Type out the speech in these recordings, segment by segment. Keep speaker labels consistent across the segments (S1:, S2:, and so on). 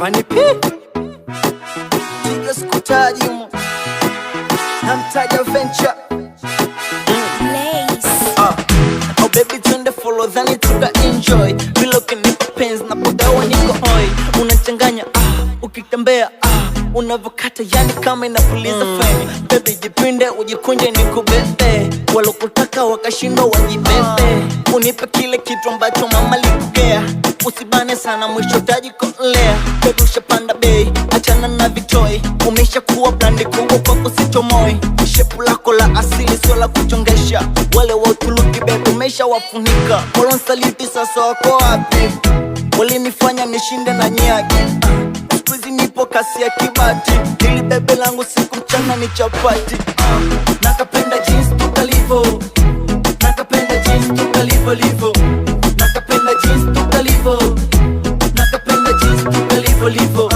S1: Fani P Tigres kutaji mu namtaja Venture ah. Oh baby twende follow dhani tuka enjoy bila kunipa penzi na bodawa niko hoi unachanganya ah ukitembea ah unavyokata yani kama inapuliza mm. fame bebe jipinde ujikunje ni kubebe walokutaka wakashindwa wajibebe mm. unipe kile kitu ambacho mama likugea usibane sana mwisho taji tajikolea bebe panda bei achana na vitoi kuwa brandi kungu kwa kusichomoi shepu lako la asili sio la kuchongesha wale wa utuluki bebe umeshawafunika kolonsaliti sasa wako wapi walinifanya nishinde na nyagi kasi ya kibati, ili bebe langu siku mchana ni chapati. Uh, nakapenda jinsi tukalivo, nakapenda jinsi tukalivo livo, nakapenda jinsi tukalivo, nakapenda jinsi tukalivo livo,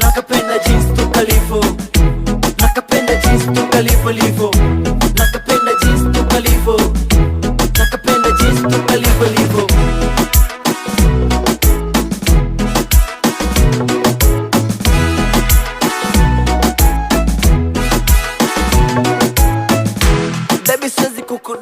S1: nakapenda jinsi tukalivo, nakapenda jinsi tukalivo livo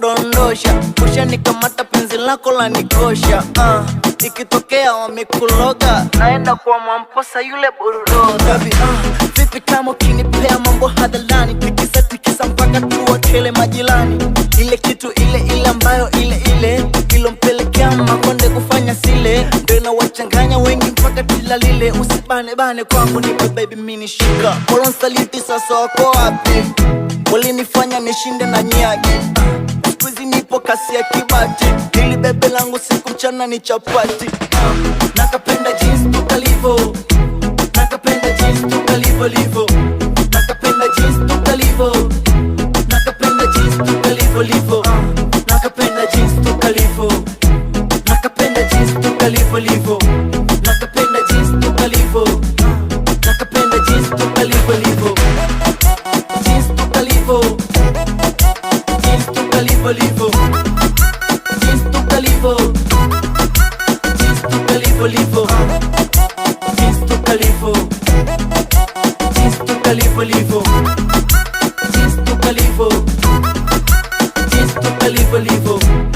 S1: kudondosha, kamata penzi lako la nikosha. Uh, ah, ikitokea wamekuloga, naenda kwa mwamposa yule burudoga. Uh, ah, vipi kama ukinipea mambo hadharani, tikisa tikisa mpaka tuwakele majirani, ile kitu ile ile ambayo ile ile ilompelekea makonde kufanya sile, ndo wengi mpaka tila lile. Usibane bane kwangu, nipe baby mini shika Sasa wako wapi? walinifanya nishinde na nyagi kasi ya kibati, ili bebe langu siku mchana ni chapati. Nakapenda jinsi tukalivo, nakapenda jinsi tukalivo livo, nakapenda jinsi tukalivo, nakapenda jinsi tukalivo livo, nakapenda jinsi tukalivo, nakapenda jinsi tukalivo livo, nakapenda jinsi tukalivo, nakapenda jinsi tukalivo livo Califo Diz do Califo, Lifo Diz do Califo Diz do Califo, Lifo Diz Califo Califo,